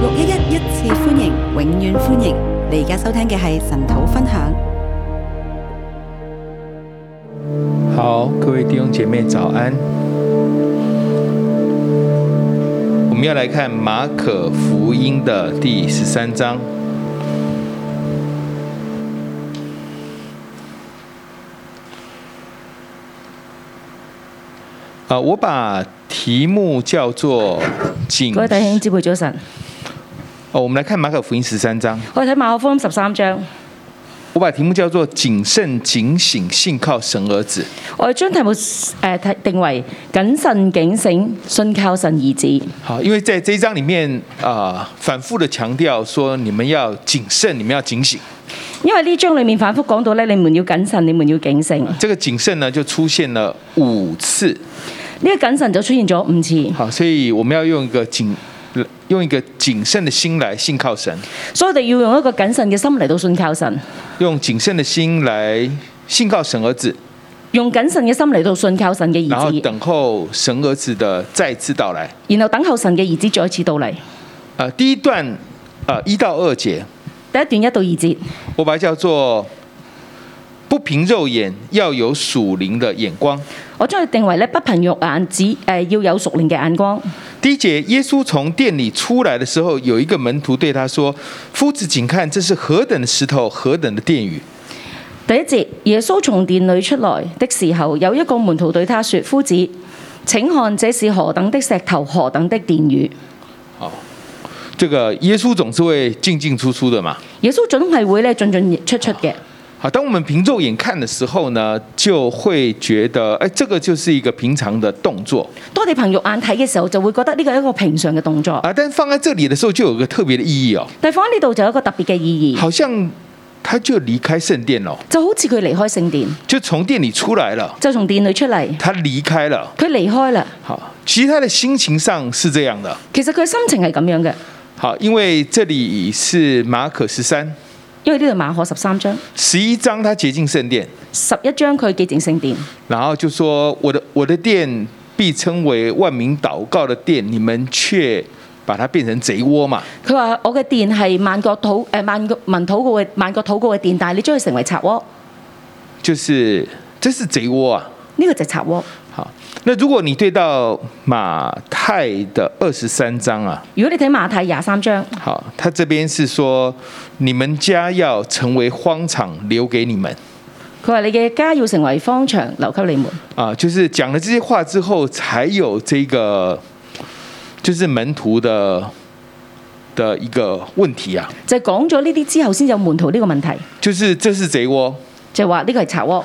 六一一一次歡迎，永遠歡迎。你而家收聽嘅係神土分享。好，各位弟兄姐妹早安。我們要來看馬可福音的第十三章。啊，我把題目叫做《景》。各位弟兄姊妹，早晨。哦，我們來看馬可福音十三章。我睇馬可福音十三章，我把題目叫做謹慎警醒信靠神兒子。我將題目誒定為謹慎警醒信靠神兒子。好，因為在這一章裏面啊、呃，反復的強調說你們要謹慎，你們要警醒。因為呢章裏面反復講到呢你們要謹慎，你們要警醒。這個謹慎呢就出現了五次，呢個謹慎就出現咗五次。好，所以我們要用一個謹。用一個謹慎的心來信靠神，所以我哋要用一個謹慎嘅心嚟到信靠神。用謹慎嘅心來信靠神兒子，用謹慎嘅心嚟到信靠神嘅兒子，然後等候神兒子的再次到來，然後等候神嘅兒子再次到嚟，呃。第一段，呃，一到二節，第一段一到二節，我把它叫做。不憑肉眼，要有屬靈的眼光。我將佢定為咧，不憑肉眼，只誒要有屬靈嘅眼光。第一節，耶穌從殿裏出來的時候，有一個門徒對他說：夫子，請看，這是何等的石頭，何等的殿宇。第一節，耶穌從殿裏出來的時候，有一個門徒對他說：夫子，請看，這是何等的石頭，何等的殿宇。哦，這個耶穌總是會進進出出的嘛。耶穌總係會咧進進出出嘅。好，當我們憑肉眼看的時候呢，就會覺得，哎，這個就是一個平常的動作。當你憑肉眼睇嘅時候，就會覺得呢個係一個平常嘅動作。啊，但放喺這裡嘅時候，就有一個特別嘅意義哦。但放喺呢度就有一個特別嘅意義。好像他就離開聖殿咯，就好似佢離開聖殿，就從殿裏出來了，就從殿裏出嚟，他離開了，佢離開啦。好，其實佢心情上是這樣的，其實佢嘅心情係咁樣嘅。好，因為這裡是馬可十三。因為呢度馬可十三章十一章他潔淨聖殿。十一章佢潔淨聖殿，然後就說我：我的我的殿必稱為萬民禱告的殿。」你們卻把它變成賊窩嘛。佢話我嘅殿係萬國土誒萬國民禱告嘅萬國土國嘅殿。」但係你將佢成為賊窩，就是這是賊窩啊？呢個就賊窩。那如果你對到馬太的二十三章啊，如果你睇馬太廿三章，好，他這邊是說你們家要成為荒場，留給你們。佢話你嘅家要成為荒場，留給你們。啊，就是講了這些話之後，才有這個，就是門徒的的一個問題啊。就講咗呢啲之後，先有門徒呢個問題。就是這是賊窩，就係話呢個係賊窩。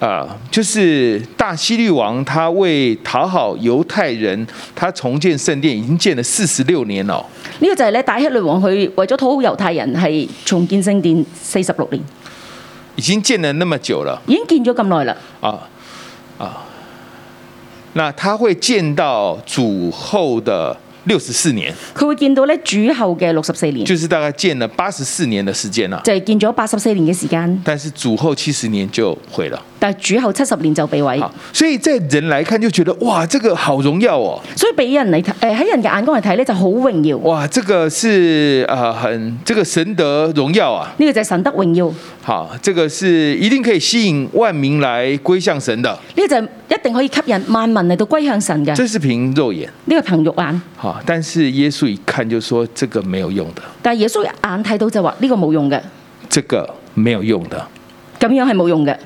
啊，就是大希律王，他為討好猶太人，他重建聖殿已經建了四十六年了，呢個就係咧，大希律王佢為咗討好猶太人，係重建聖殿四十六年，已經建了那麼久了，已經建咗咁耐了，了啊啊，那他會見到主後的六十四年，佢會見到咧主後嘅六十四年，就是大概建了八十四年嘅時間啦，就係建咗八十四年嘅時間。但是主後七十年就毀啦，但係主後七十年就被毀，所以在人來看就覺得哇，這個好榮耀哦。所以俾人嚟睇，誒喺人嘅眼光嚟睇咧就好榮耀。哇，這個是啊，很這個神德榮耀啊。呢個就係神德榮耀。好，這個是一定可以吸引萬民來歸向神的。呢個就係一定可以吸引萬民嚟到歸向神嘅。這是憑肉眼，呢個憑肉眼。但是耶穌一看就說：這個沒有用的。但耶穌眼睇到就話：呢個冇用嘅，這個沒有用的，咁樣係冇用嘅。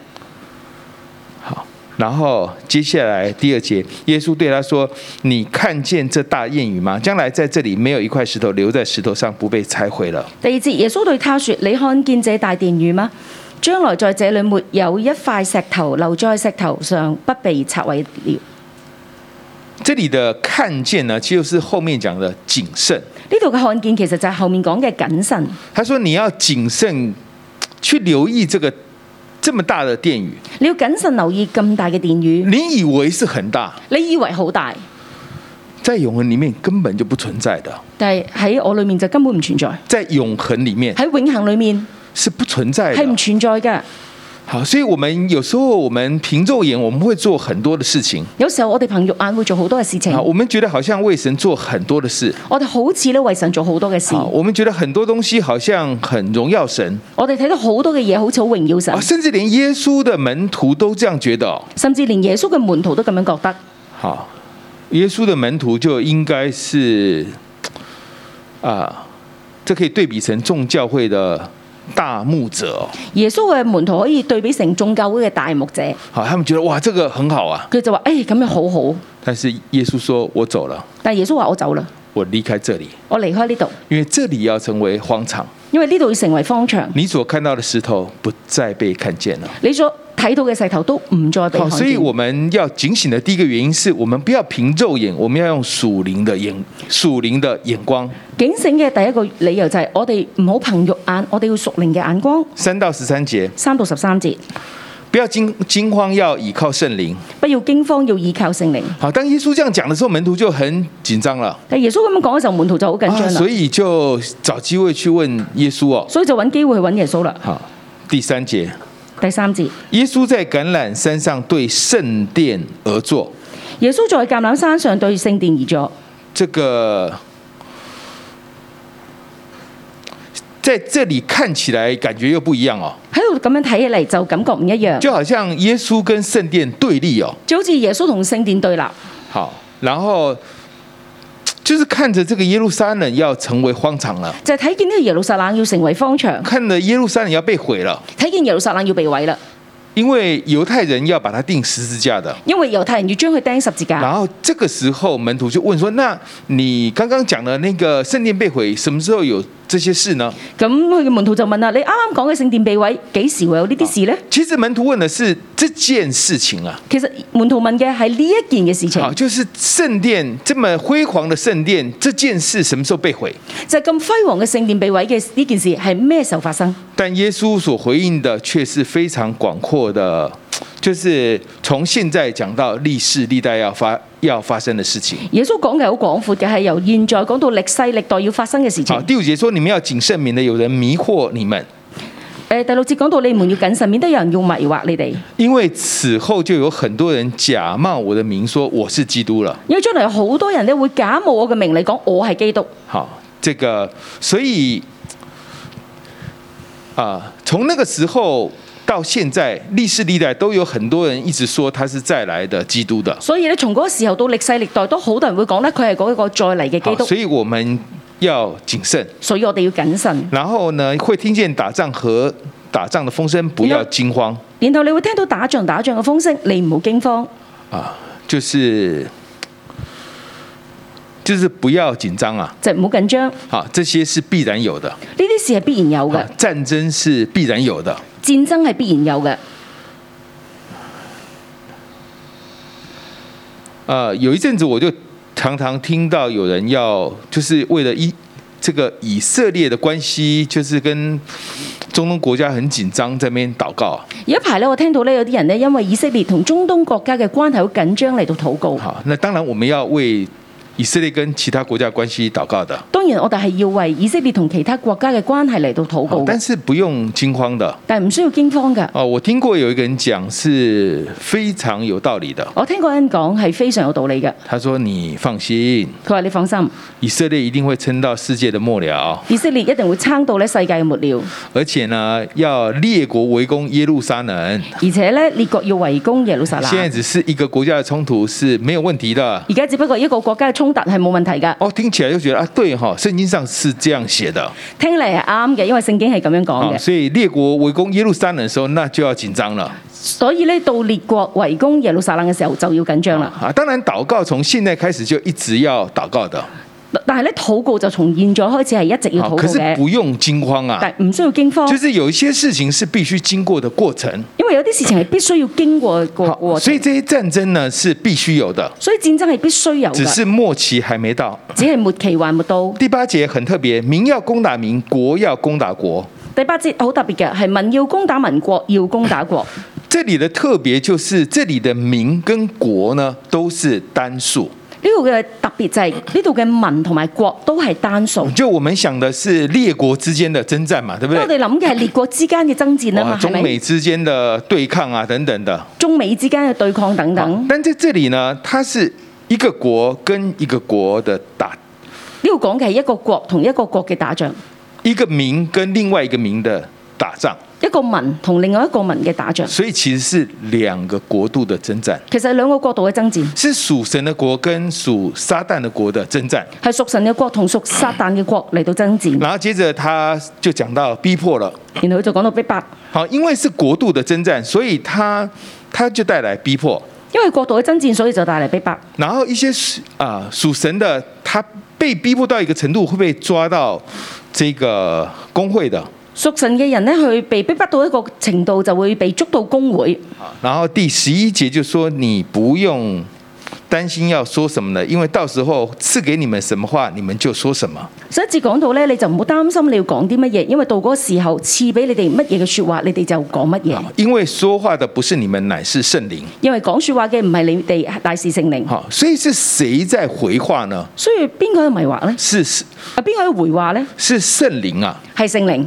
好，然後接下來第二節，耶穌對他說：你看見這大殿宇嗎？將來在這裏沒有一塊石頭留在石頭上不被拆毀了。第二節，耶穌對他說：你看見這大殿宇嗎？將來在這裏沒有一塊石頭留在石頭上不被拆毀了。這裏的看見呢，就是後面講的謹慎。呢度嘅看見其實就係後面講嘅謹慎。他說你要謹慎去留意這個這麼大的電雨。你要謹慎留意咁大嘅電雨。你以為是很大？你以為好大？在永恆裏面根本就不存在的。但係喺我裏面就根本唔存在。在永恆裏面？喺永恆裏面？是不存在的，係唔存在嘅。好，所以，我們有時候我們憑肉眼我們會做很多的事情。有時候我哋憑肉眼會做好多嘅事情。啊，我們覺得好像為神做很多的事。我哋好似呢，為神做很多的好多嘅事。我們覺得很多東西好像很榮耀神。我哋睇到很多的好多嘅嘢，好似好榮耀神。甚至連耶穌的門徒都這樣覺得。甚至連耶穌嘅門徒都咁樣覺得。好，耶穌的門徒就應該是，啊，這可以對比成眾教會的。大牧者，哦，耶穌嘅門徒可以對比成宗教會嘅大牧者。好，他們覺得哇，這個很好啊。佢就話：，誒、哎，咁樣好好。但是耶穌說我走了。但耶穌話我走啦，我離開這裏，我離開呢度，因為這裏要成為荒場，因為呢度要成為荒場。你所看到的石頭不再被看見了。你所。睇到嘅石頭都唔再被好，所以我們要警醒的第一個原因，是我們不要憑肉眼，我們要用屬靈的眼、屬靈的眼光。警醒嘅第一個理由就係我哋唔好憑肉眼，我哋要屬靈嘅眼光。三到十三節。三到十三節，不要驚驚慌，要倚靠聖靈。不要驚慌，要倚靠聖靈。好，當耶穌這樣講嘅時候，門徒就很緊張啦。但耶穌咁樣講嘅時候，門徒就好緊張啦，所以就找機會去問耶穌哦。所以就揾機會去揾耶穌啦、哦。好，第三節。第三節，耶穌在橄欖山上對聖殿而坐。耶穌在橄欖山上對聖殿而坐。這個在這裏看起來感覺又不一樣哦。喺度咁樣睇起嚟就感覺唔一樣。就好像耶穌跟聖殿對立哦。好似耶穌同聖殿對立？好，然後。就是看着這個耶路撒冷要成為荒場了，就睇見呢個耶路撒冷要成為荒場，看着耶路撒冷要被毀了，睇見耶路撒冷要被毀了，因為猶太人要把它釘十字架的，因為猶太人要將佢釘十字架。然後這個時候門徒就問說：那你剛剛講的那個聖殿被毀，什麼時候有？這些事呢？咁佢門徒就問啦，「你啱啱講嘅聖殿被毀，幾時會有呢啲事呢？」其實門徒問嘅是這件事情啊。其實門徒問嘅係呢一件嘅事情。啊、哦，就是聖殿這麼輝煌嘅聖殿，這件事什麼時候被毀？就係咁輝煌嘅聖殿被毀嘅呢件事係咩時候發生？但耶穌所回應的卻是非常廣闊的。就是從現在講到歷世歷代要發要發生的事情。耶穌講嘅好廣闊嘅係由現在講到歷世歷代要發生嘅事情。好，第五節說，你們要謹慎，免得有人迷惑你們。誒，第六節講到，你們要謹慎，免得有人用迷惑你哋。因為此後就有很多人假冒我的名說，我是基督了。因為將來有好多人咧會假冒我嘅名嚟講我係基督。好，這個所以啊、呃，從那個時候。到現在歷世歷代都有很多人一直說他是再來的基督的，所以咧從嗰個時候到歷世歷代都好多人會講呢佢係嗰一個再嚟嘅基督，所以我們要謹慎，所以我哋要謹慎。然後呢會聽見打仗和打仗的風聲，不要驚慌。然後，然後你會聽到打仗打仗嘅風聲，你唔好驚慌。啊，就是。就是不要緊張啊！就唔好緊張。好，這些是必然有的。呢啲事係必然有嘅。戰爭是必然有的。戰爭係必然有嘅。有一陣子我就常常聽到有人要，就是為了以這個以色列的關係，就是跟中東國家很緊張，在邊禱告。有排呢，我聽到呢，有啲人呢，因為以色列同中東國家嘅關係好緊張嚟到禱告。好，那當然我們要為。以色列跟其他國家關係禱告的，當然我哋係要為以色列同其他國家嘅關係嚟到禱告，但是不用驚慌的，但係唔需要驚慌嘅。哦，我聽過有一個人講，是非常有道理的。我聽過人講係非常有道理嘅。他說你放心，佢話你放心，以色列一定會撐到世界的末了。以色列一定會撐到呢世界嘅末了，而且呢要列國圍攻耶路撒冷，而且呢，列國要圍攻耶路撒冷。現在只是一個國家嘅衝突是沒有問題的。而家只不過一個國家嘅衝。衝突係冇問題噶。哦，聽起來就覺得啊，對哈，聖、哦、經上是這樣寫的。聽嚟係啱嘅，因為聖經係咁樣講嘅、哦。所以列國圍攻耶路撒冷嘅時候，那就要緊張了。所以咧，到列國圍攻耶路撒冷嘅時候就要緊張了、哦、啊，當然禱告從現在開始就一直要禱告的。但係咧，禱告就從現在開始係一直要禱告嘅。可是不用驚慌啊！但係唔需要驚慌。就是有一些事情是必須經過的過程。因為有啲事情係必須要經過的過程。所以這些戰爭呢是必須有的。所以戰爭係必須有的。只是末期還沒到。只係末期還冇到。第八節很特別，民要攻打民，國要攻打國。第八節好特別嘅，係民要攻打民，國要攻打國。這裡的特別就是這裡的民跟國呢都是單數。呢度嘅特別就係呢度嘅民同埋國都係單數。就我們想嘅係列國之間嘅爭戰嘛，對不對？我哋諗嘅係列國之間嘅爭戰嘛，啊嘛，中美之間嘅對抗啊等等的。中美之間嘅對抗等等。啊，但係喺這裡呢，它是一個國跟一個國的打。呢度講嘅係一個國同一個國嘅打仗，一個民跟另外一個民的打仗。一個民同另外一個民嘅打仗，所以其實是兩個國度嘅征戰。其實兩個國度嘅征戰，是屬神嘅國跟屬撒旦嘅國嘅征戰，係屬神嘅國同屬撒旦嘅國嚟到征戰。然後接着，他就講到逼迫了，然後佢就講到逼迫。好，因為是國度嘅征戰，所以他他就帶來逼迫。因為國度嘅征戰，所以就帶來逼迫。然後一些屬啊屬神的，他被逼迫到一個程度，會被抓到這個公會的。屬神嘅人呢，佢被逼迫到一個程度，就會被捉到公會。然後第十一節就說：你不用擔心要說什麼呢，因為到時候賜給你們什麼話，你們就說什麼。十一節講到咧，你就唔好擔心你要講啲乜嘢，因為到嗰個時候賜俾你哋乜嘢嘅說話，你哋就講乜嘢。因為說話嘅不是你們，乃是聖靈。因為講說話嘅唔係你哋，乃是聖靈。所以是誰在回話呢？所以邊個喺迷惑咧？是啊，邊個喺回話呢？是是聖靈啊，係聖靈。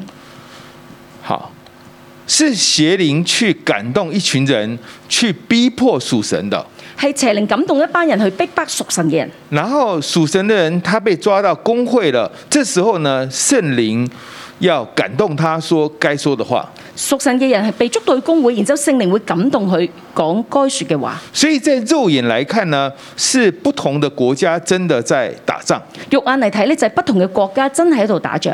是邪靈去感動一群人去逼迫屬神的，係邪靈感動一班人去逼迫屬神嘅人。然後屬神嘅人，他被抓到公會了。這時候呢，聖靈要感動他說該說的話。屬神嘅人係被捉到公會，然之後聖靈會感動佢講該說嘅話。所以在肉眼來看呢，是不同的國家真的在打仗。肉眼嚟睇呢，就係不同嘅國家真係喺度打仗。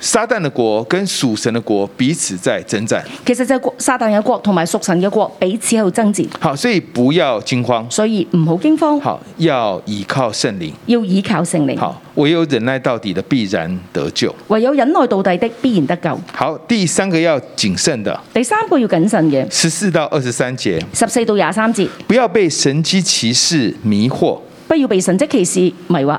撒旦的國跟屬神的國彼此在征戰，其實就係撒旦嘅國同埋屬神嘅國彼此喺度爭戰。好，所以不要驚慌，所以唔好驚慌。好，要依靠聖靈，要依靠聖靈。好，唯有忍耐到底的必然得救，唯有忍耐到底的必然得救。好，第三個要謹慎的，第三個要謹慎嘅，十四到二十三節，十四到廿三節，不要被神蹟奇事迷惑，不要被神蹟奇事迷惑。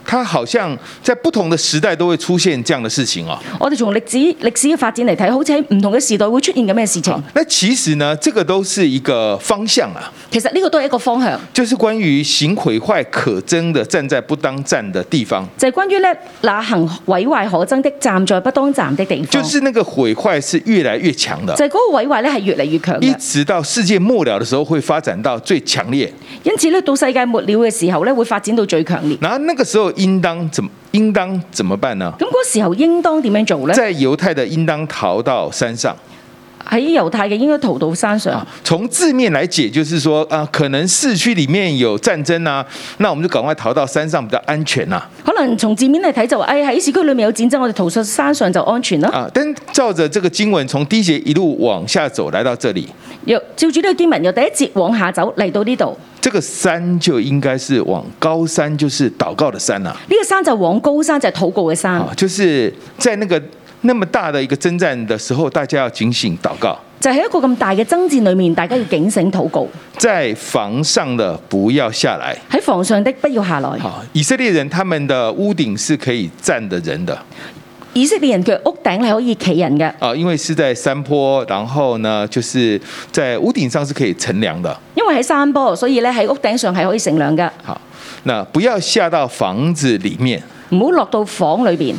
他好像在不同的時代都會出現這樣的事情哦。我哋從歷史歷史嘅發展嚟睇，好似喺唔同嘅時代會出現嘅咩事情，嗯？那其實呢，這個都是一個方向啊。其實呢個都係一個方向，就是關於行毀壞可憎的站在不當站的地方。就係關於咧，那行毀壞可憎的站在不當站的地方。就是那個毀壞是越來越強的。就係嗰個毀壞咧，係越嚟越強。一直到世界末了的時候，會發展到最強烈。因此咧，到世界末了嘅時候咧，會發展到最強烈。那那個時候。應當怎應當怎麼辦呢？咁嗰時候應當點樣做呢？在猶太的應當逃到山上。喺猶太嘅應該逃到山上。啊、從字面嚟解，就是說啊，可能市區裏面有戰爭啊，那我們就趕快逃到山上比較安全啦、啊。可能從字面嚟睇就，哎喺市區裏面有戰爭，我哋逃出山上就安全啦、啊。啊，但照着這個經文，從第一節一路往下走，來到這裏，又照住呢個經文，又第一節往下走，嚟到呢度。這個山就應該是往高山，就是禱告的山啊，呢個山就往高山，就禱告的山。就是在那個那麼大的一個征戰的時候，大家要警醒禱告。就喺一個咁大嘅征戰裏面，大家要警醒禱告。在房上的不要下來。喺房上的不要下來。以色列人他們的屋頂是可以站的人的。以色列人嘅屋頂係可以企人嘅。啊，因為是在山坡，然後呢，就是在屋頂上是可以乘涼的。因為喺山坡，所以咧喺屋頂上係可以乘涼嘅。好，那不要下到房子裡面。唔好落到房裡邊。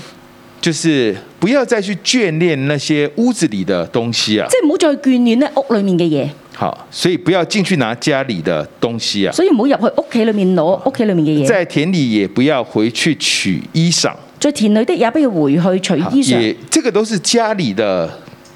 就是不要再去眷戀那些屋子裡的東西啊。即係唔好再眷戀咧屋裡面嘅嘢，啊。好，所以不要進去拿家裡嘅東西啊。所以唔好入去屋企裡面攞屋企裡面嘅嘢。在田裡也不要回去取衣裳。在田裏的也不要回去取衣裳。這個都是家裏的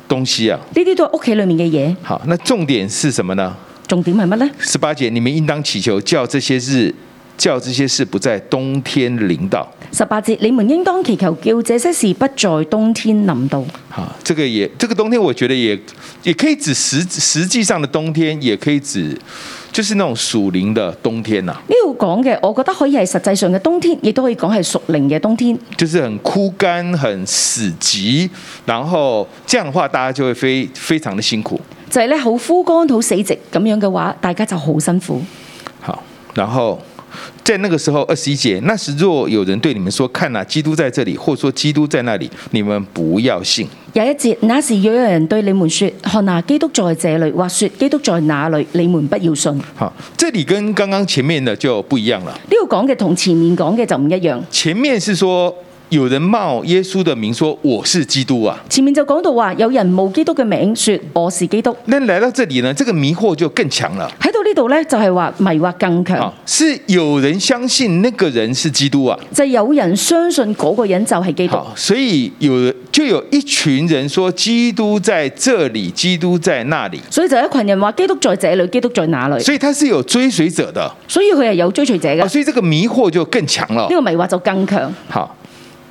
東西啊。呢啲都係屋企裏面嘅嘢。好，那重點是什麼呢？重點係乜呢？十八節，你們應當祈求，叫這些日，叫這些事不在冬天臨到。十八節，你們應當祈求，叫這些事不在冬天臨到。好，這個也，這個冬天，我覺得也，也可以指實實際上的冬天，也可以指。就是那種屬靈的冬天啊，呢度講嘅，我覺得可以係實際上嘅冬天，亦都可以講係屬靈嘅冬天。就是很枯乾、很死寂，然後這樣的話，大家就會非非常的辛苦。就係咧好枯乾、好死寂咁樣嘅話，大家就好辛苦。好，然後。在那個時候，二十一節，那時若有人對你們說：“看哪，啊，基督在這裏”，或說：“基督在那裏”，你們不要信。有一節，那時若有人對你們說：“看哪，基督在這裏”，或說：“基督在那裏”，你們不要信。好，這裏跟剛剛前面的就不一樣了。呢，呢個講嘅同前面講嘅就唔一樣。前面是說。有人冒耶穌的名說我是基督啊。前面就講到話，有人冒基督嘅名說我是基督。那來到這裏呢，這個迷惑就更強了。喺到呢度呢，就係話迷惑更強。是有人相信那個人是基督啊？就有人相信嗰個人就係基督。所以有就有一群人說基督在這裏，基督在那裏。所以就有一群人話基督在這裏，基督在那裏。所以他是有追隨者的，所以佢係有追隨者嘅。所以這個迷惑就更強了。呢個迷惑就更強。好。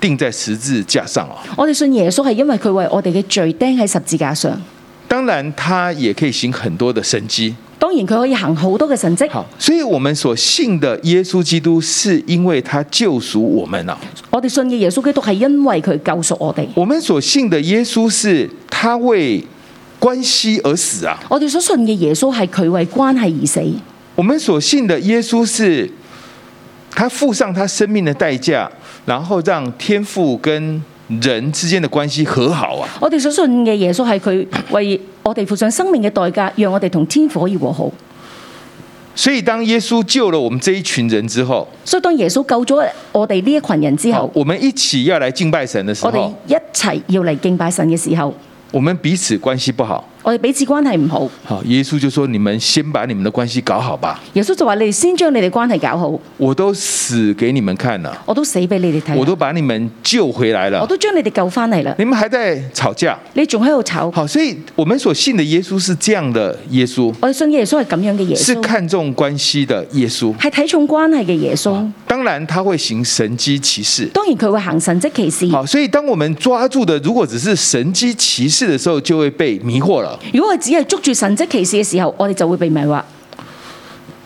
釘在十字架上啊！我哋信耶穌係因為佢為我哋嘅罪釘喺十字架上。當然，他也可以行很多的神迹。當然，佢可以行好多嘅神跡。好，所以我們所信的耶穌基督，是因為他救贖我們啊！我哋信嘅耶穌基督係因為佢救贖我哋，啊。我們所信的耶穌是，他為關係而死啊！我哋所信嘅耶穌係佢為關係而死。我們所信的耶穌是，他付上他生命的代價。然後讓天父跟人之間的關係和好啊！我哋所信嘅耶穌係佢為我哋付上生命嘅代價，讓我哋同天父可以和好。所以當耶穌救了我們這一群人之後，所以當耶穌救咗我哋呢一群人之後，啊，我們一起要來敬拜神的時候，我哋一齊要嚟敬拜神嘅時候，我們彼此關係不好，我哋彼此關係唔好。好，耶穌就說：你們先把你們的關係搞好吧。耶穌就話：你哋先將你哋關係搞好。我都死給你們看了。我都死俾你哋睇。我都把你們救回來了。我都將你哋救翻嚟啦。你們還在吵架。你仲喺度吵。好，所以我們所信的耶穌是這樣的耶穌。我哋信耶穌係咁樣嘅耶穌，是看重關係的耶穌，係睇重關係嘅耶穌。當然他會行神迹奇事。當然佢會行神迹奇事。好，所以當我們抓住的如果只是神蹟奇事的時候，就會被迷惑了。如果我只係捉住神蹟歧視嘅時候，我哋就會被迷惑。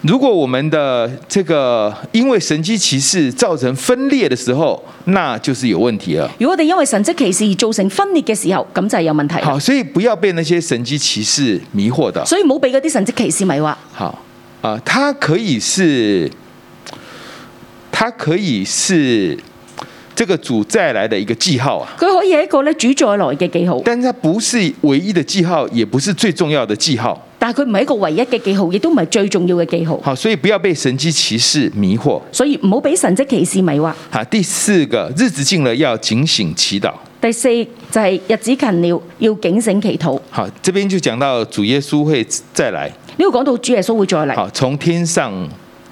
如果我們的這個因為神蹟歧視造成分裂的時候，那就是有問題啦。如果我哋因為神蹟歧、歧視而造成分裂嘅時候，咁就係有問題了。好，所以不要被那些神蹟歧視迷惑到。所以冇俾嗰啲神蹟歧視迷惑。好啊，它、呃、可以是，它可以是。這個主再來的一個記號啊，佢可以係一個咧，主再來嘅記號，但它佢不是唯一的記號，也不是最重要的記號。但係佢唔係一個唯一嘅記號，亦都唔係最重要嘅記號。好，所以不要被神跡奇事迷惑。所以唔好俾神跡奇事迷惑，啊。第四個日子近了，要警醒祈禱。第四就係、是、日子近了，要警醒祈禱。好，這邊就講到主耶穌會再來。呢、這個講到主耶穌會再來。好，從天上。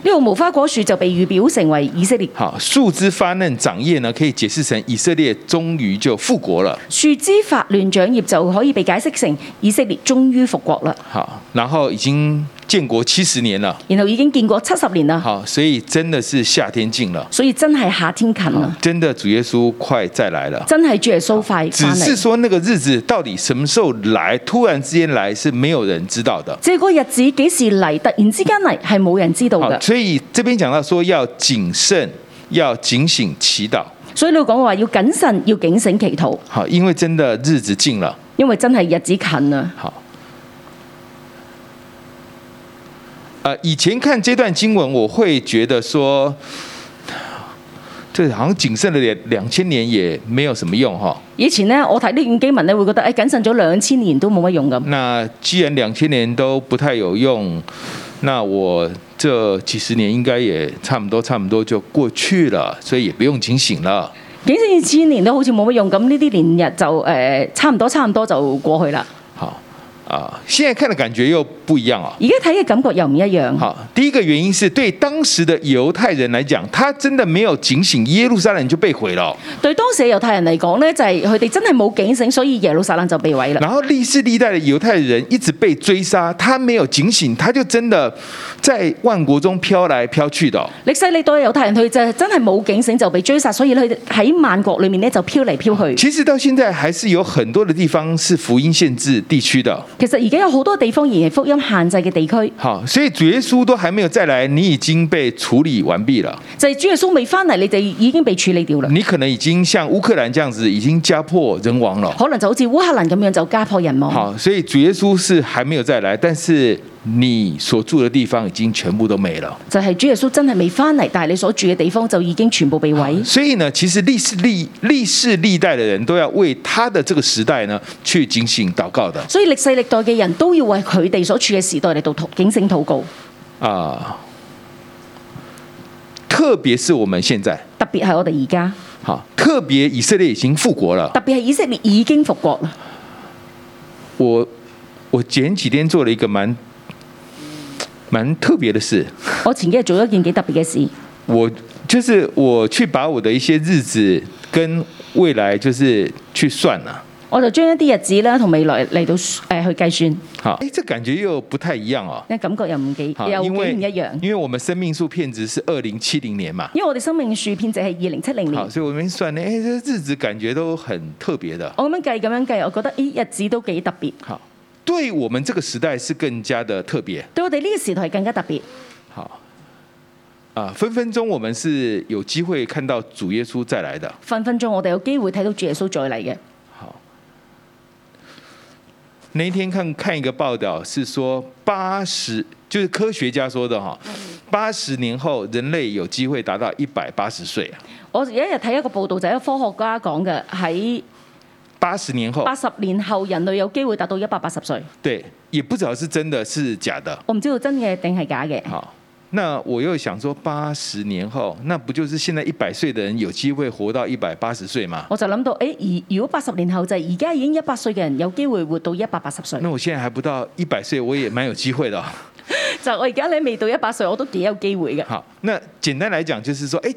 呢、這個無花果樹就被預表成為以色列。好，樹枝發嫩長葉呢，可以解釋成以色列終於就復國了。樹枝發亂長葉就可以被解釋成以色列終於復國了。好，然後已經。建國七十年啦，然後已經建國七十年啦。好，所以真的是夏天近了，所以真係夏天近啦。真的主耶穌快再來了，真係主耶穌快。只是說那個日子到底什麼時候來，突然之間來是沒有人知道的。這個日子幾時嚟，突然之間嚟係冇人知道嘅。所以這邊講到說要謹慎，要警醒祈禱。所以你講話要謹慎，要警醒祈禱。好，因為真的日子近了，因為真係日子近啦。好。以前看這段經文，我會覺得說，這好像謹慎了兩千年也沒有什麼用哈。以前呢，我睇呢段經文咧，你會覺得哎，謹慎咗兩千年都冇乜用咁。那既然兩千年都不太有用，那我這幾十年應該也差不多，差不多就過去了，所以也不用警醒了。警醒千年都好似冇乜用，咁呢啲年日就誒、呃，差唔多，差唔多就過去啦。啊，現在看的感覺又不一樣啊！而家睇嘅感覺又唔一樣。好，第一個原因是對當時的猶太人來講，他真的沒有警醒，耶路撒冷就被毀了。對當時嘅猶太人嚟講咧，就係佢哋真係冇警醒，所以耶路撒冷就被毀了。然後歷史歷代的猶太人一直被追殺，他沒有警醒，他就真的在萬國中飄來飄去的。歷史歷代猶太人，佢就真係冇警醒就被追殺，所以佢喺萬國裏面咧就飄來飄去。其實到現在還是有很多嘅地方是福音限制地區的。其實而家有好多地方仍然係福音限制嘅地區。好，所以主耶穌都還沒有再來，你已經被處理完畢了。就係、是、主耶穌未翻嚟，你哋已經被處理掉了。你可能已經像烏克蘭這樣子，已經家破人亡了。可能就好似烏克蘭咁樣，就家破人亡。好，所以主耶穌是還沒有再來，但是。你所住的地方已經全部都沒了，就係、是、主耶穌真係未翻嚟，但係你所住嘅地方就已經全部被毀。啊、所以呢，其實歷世歷歷世歷代嘅人都要為他的這個時代呢去警醒禱告的。所以歷世歷代嘅人都要為佢哋所處嘅時代嚟到警醒禱告。啊，特別是我們現在，特別係我哋而家，好，特別以色列已經復國啦，特別係以色列已經復國啦。我我前幾天做了一個蠻。蠻特別的事，我前幾日做咗件幾特別嘅事 。我就是我去把我的一些日子跟未來，就是去算啦。我就將一啲日子啦同未來嚟到去計算，欸。嚇，誒，這感覺又不太一樣啊！為感覺又唔幾，又幾唔一樣因。因為我們生命數片值是二零七零年嘛。因為我哋生命數片值係二零七零年。所以我咪算咧，誒，欸，日子感覺都很特別的我。我咁樣計，咁樣計，我覺得咦，日子都幾特別。好。對我們這個時代是更加的特別。對我哋呢個時代係更加特別。好，啊，分分鐘我們是有機會看到主耶穌再來的。分分鐘我哋有機會睇到主耶穌再嚟嘅。好，那一天看看一個報道，是說八十，就是科學家說的哈，八十年後人類有機會達到一百八十歲啊。我有一日睇一個報道就係一個科學家講嘅喺。八十年後，八十年後人類有機會達到一百八十歲。對，也不知道是真的是假的。我唔知道真嘅定係假嘅。好，那我又想說，八十年後，那不就是現在一百歲的人有機會活到一百八十歲嘛？我就諗到，誒、欸，如果八十年後就係而家已經一百歲嘅人有機會活到一百八十歲。那我現在還不到一百歲，我也蠻有機會的。 就我而家你未到一百歲，我都幾有機會嘅。好，那簡單來講，就是說，哎、欸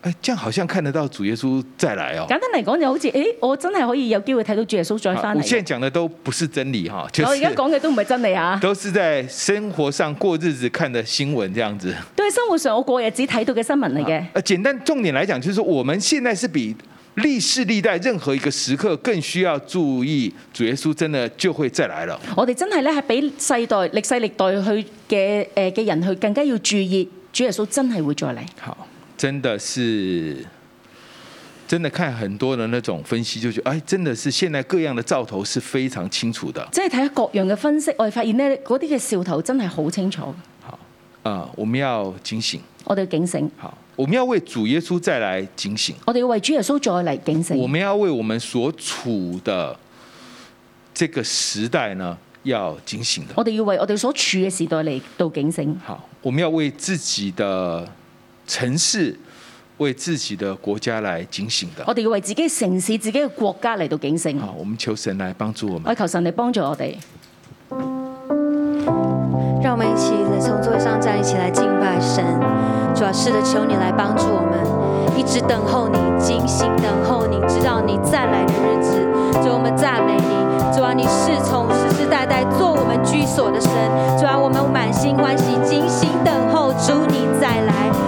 哎，這樣好像看得到主耶穌再來哦。簡單嚟講就好似，誒，我真係可以有機會睇到主耶穌再翻嚟。我現在講的都不是真理哈，我而家講嘅都唔係真理啊，都是在生活上過日子看的新聞，這樣子。對，生活上我過日子睇到嘅新聞嚟嘅。誒，簡單重點來講，就是說我們現在是比歷世歷代任何一個時刻更需要注意，主耶穌真的就會再來了。我哋真係咧係比世代歷世歷代去嘅誒嘅人去更加要注意，主耶穌真係會再嚟。好。真的是，真的看很多的那種分析，就覺得，哎，真的是現在各樣的兆頭是非常清楚的。即係睇下各樣嘅分析，我哋發現咧，嗰啲嘅兆頭真係好清楚。好，啊、嗯，我們要警醒。我哋要警醒。好，我們要為主耶穌再來警醒。我哋要為主耶穌再來警醒。我們要為我們所處的這個時代呢，要警醒的。我哋要為我哋所處嘅時代嚟到警醒。好，我們要為自己的。城市為自己的國家來警醒的，我哋要為自己城市、自己的國家來到警醒。好，我們求神來幫助我們，我求神嚟幫助我哋。讓我們一起在從座位上站，一起來敬拜神。主啊，試着求你來幫助我們，一直等候你，警醒等候你，直到你再來的日子。主，我們讚美你，主啊，你是從世世代代做我們居所的神。主啊，我們滿心歡喜，警醒等候。主，你再來。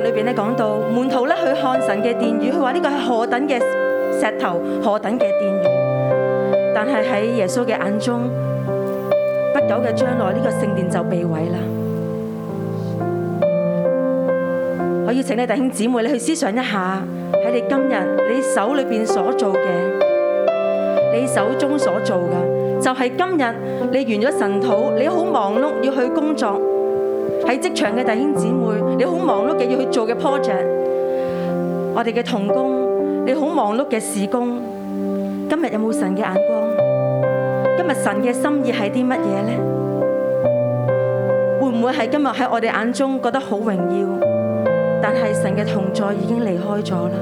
裏邊咧講到，門徒哋去看神嘅殿宇，佢話呢個係何等嘅石頭，何等嘅殿宇。但係喺耶穌嘅眼中，不久嘅將來呢個聖殿就被毀啦。我要請你弟兄姊妹，你去思想一下，喺你今日你手裏邊所做嘅，你手中所做嘅，就係今日你完咗神土，你好忙碌要去工作。喺職場嘅弟兄姊妹，你好忙碌嘅要去做嘅 project，我哋嘅童工，你好忙碌嘅事工，今日有冇神嘅眼光？今日神嘅心意係啲乜嘢咧？會唔會係今日喺我哋眼中覺得好榮耀，但係神嘅同在已經離開咗啦？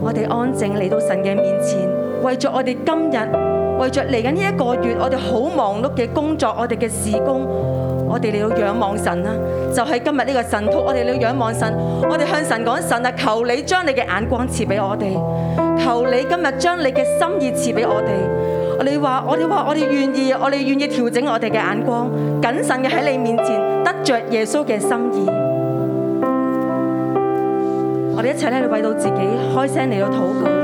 我哋安靜嚟到神嘅面前，為著我哋今日，為著嚟緊呢一個月，我哋好忙碌嘅工作，我哋嘅事工。我哋嚟到仰望神啦，就係、是、今日呢個神僕，我哋嚟到仰望神，我哋向神講神啊，求你將你嘅眼光賜俾我哋，求你今日將你嘅心意賜俾我哋。我哋話，我哋話，我哋願意，我哋願意調整我哋嘅眼光，謹慎嘅喺你面前得着耶穌嘅心意。我哋一齊咧為到自己開聲嚟到禱告。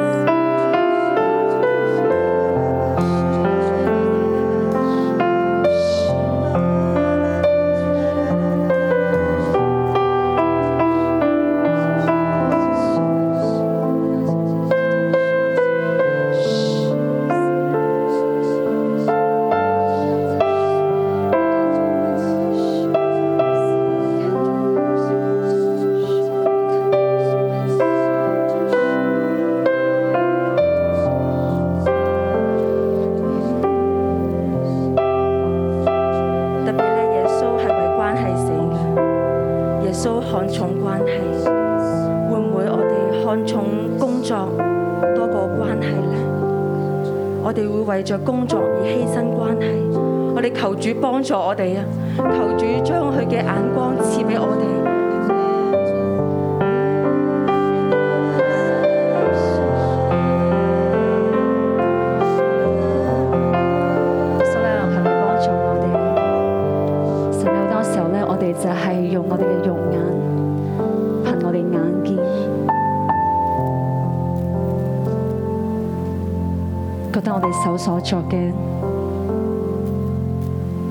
作嘅，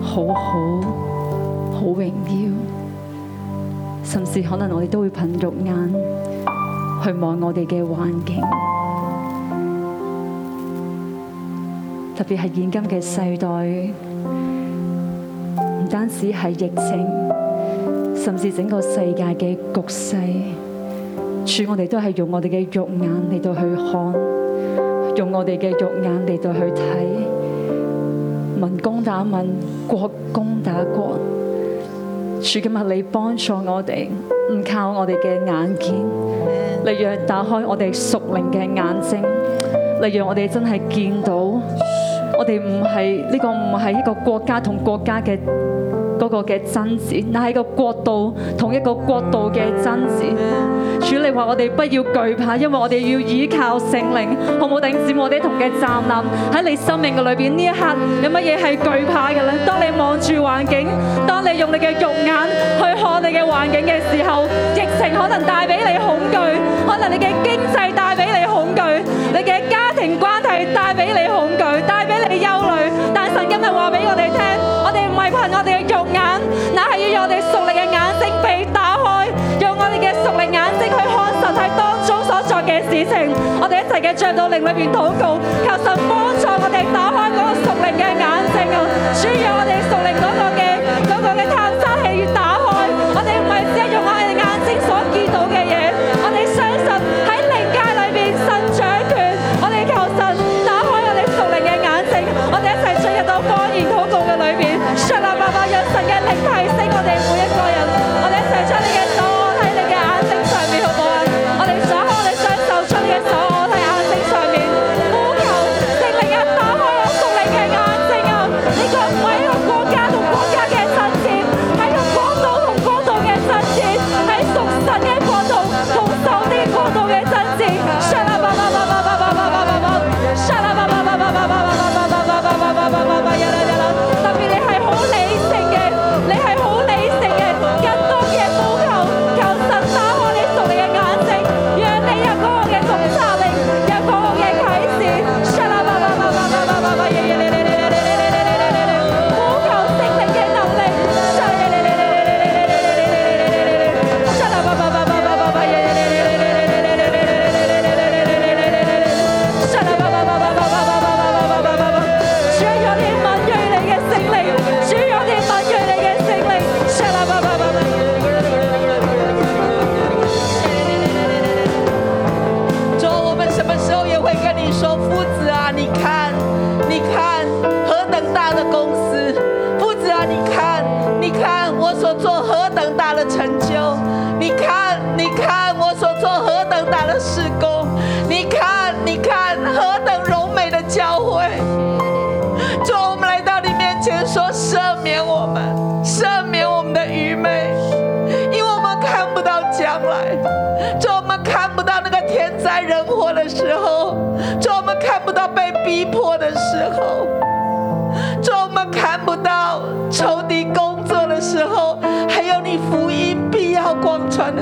好好好榮耀，甚至可能我哋都會憑肉眼去望我哋嘅環境，特別係現今嘅世代，唔單止係疫情，甚至整個世界嘅局勢，處我哋都係用我哋嘅肉眼嚟到去看。用我哋嘅肉眼嚟到去睇，民攻打民，國攻打國，主嘅默，你幫助我哋，唔靠我哋嘅眼見，例如打開我哋屬靈嘅眼睛，例如我哋真係見到我，我哋唔係呢個唔係一個國家同國家嘅。那個嘅爭戰，乃、那、一個國度同一個國度嘅爭戰。主你話我哋不要懼怕，因為我哋要依靠聖靈，好唔好頂住我哋同嘅站立。喺你生命裏邊呢一刻，有乜嘢係懼怕嘅咧？當你望住環境，當你用你嘅肉眼去看你嘅環境嘅時候，疫情可能帶俾你恐懼，可能你嘅經濟帶俾靈裏邊禱告，求神幫助我哋打開那個屬靈嘅眼睛啊，主，讓我哋屬靈嗰個嘅嗰、那個的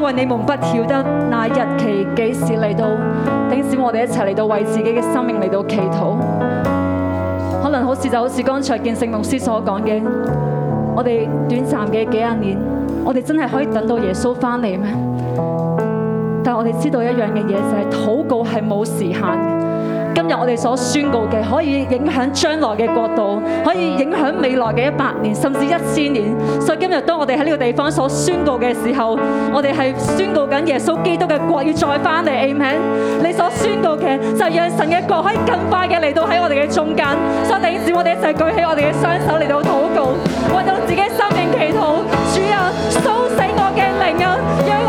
因為你們不曉得那日期幾時嚟到，頂使我哋一齊嚟到為自己嘅生命嚟到祈禱。可能好似就好似剛才見聖牧師所講嘅，我哋短暫嘅幾廿年，我哋真係可以等到耶穌翻嚟咩？但係我哋知道一樣嘅嘢就係、是、禱告係冇時限。今日我哋所宣告嘅可以影響將來嘅國度，可以影響未來嘅一百年甚至一千年。所以今日當我哋喺呢個地方所宣告嘅時候，我哋係宣告緊耶穌基督嘅國要再翻嚟。Amen！你所宣告嘅就係讓神嘅國可以更快嘅嚟到喺我哋嘅中間。所以等陣，我哋一齊舉起我哋嘅雙手嚟到禱告，為到自己生命祈禱，主啊，蘇醒我嘅靈啊！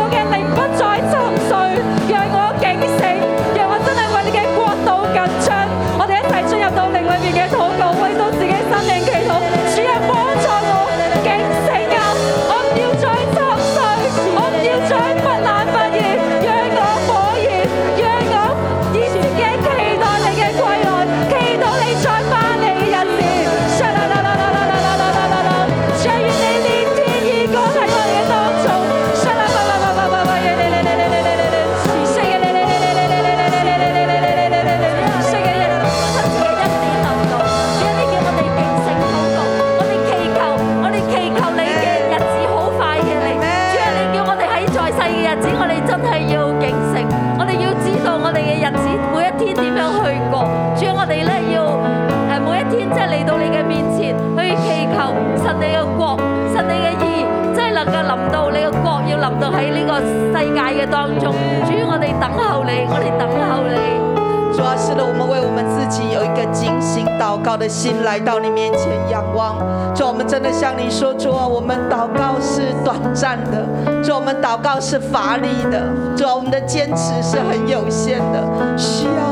主，我哋咧要誒，每一天即係嚟到你嘅面前去祈求，神你嘅國，神你嘅義，真係能夠臨到你嘅國，要臨到喺呢個世界嘅當中。主，我哋等候你，我哋等候你。主要、啊、是呢，我們為我們自己有一個警醒禱告的心，來到你面前仰望。主、啊，我們真的向你說出、啊、我們禱告是短暫的，主、啊，我們禱告是乏力的，主、啊，我們的堅持是很有限的，需要。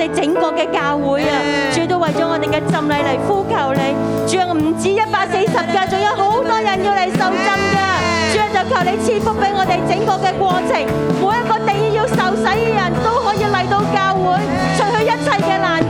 你整個嘅教會啊，主都為咗我哋嘅浸禮嚟呼求你，主啊唔止一百四十架，仲有好多人要嚟受浸噶，主啊就求你賜福俾我哋整個嘅過程，每一個地要受洗嘅人都可以嚟到教會，除去一切嘅難。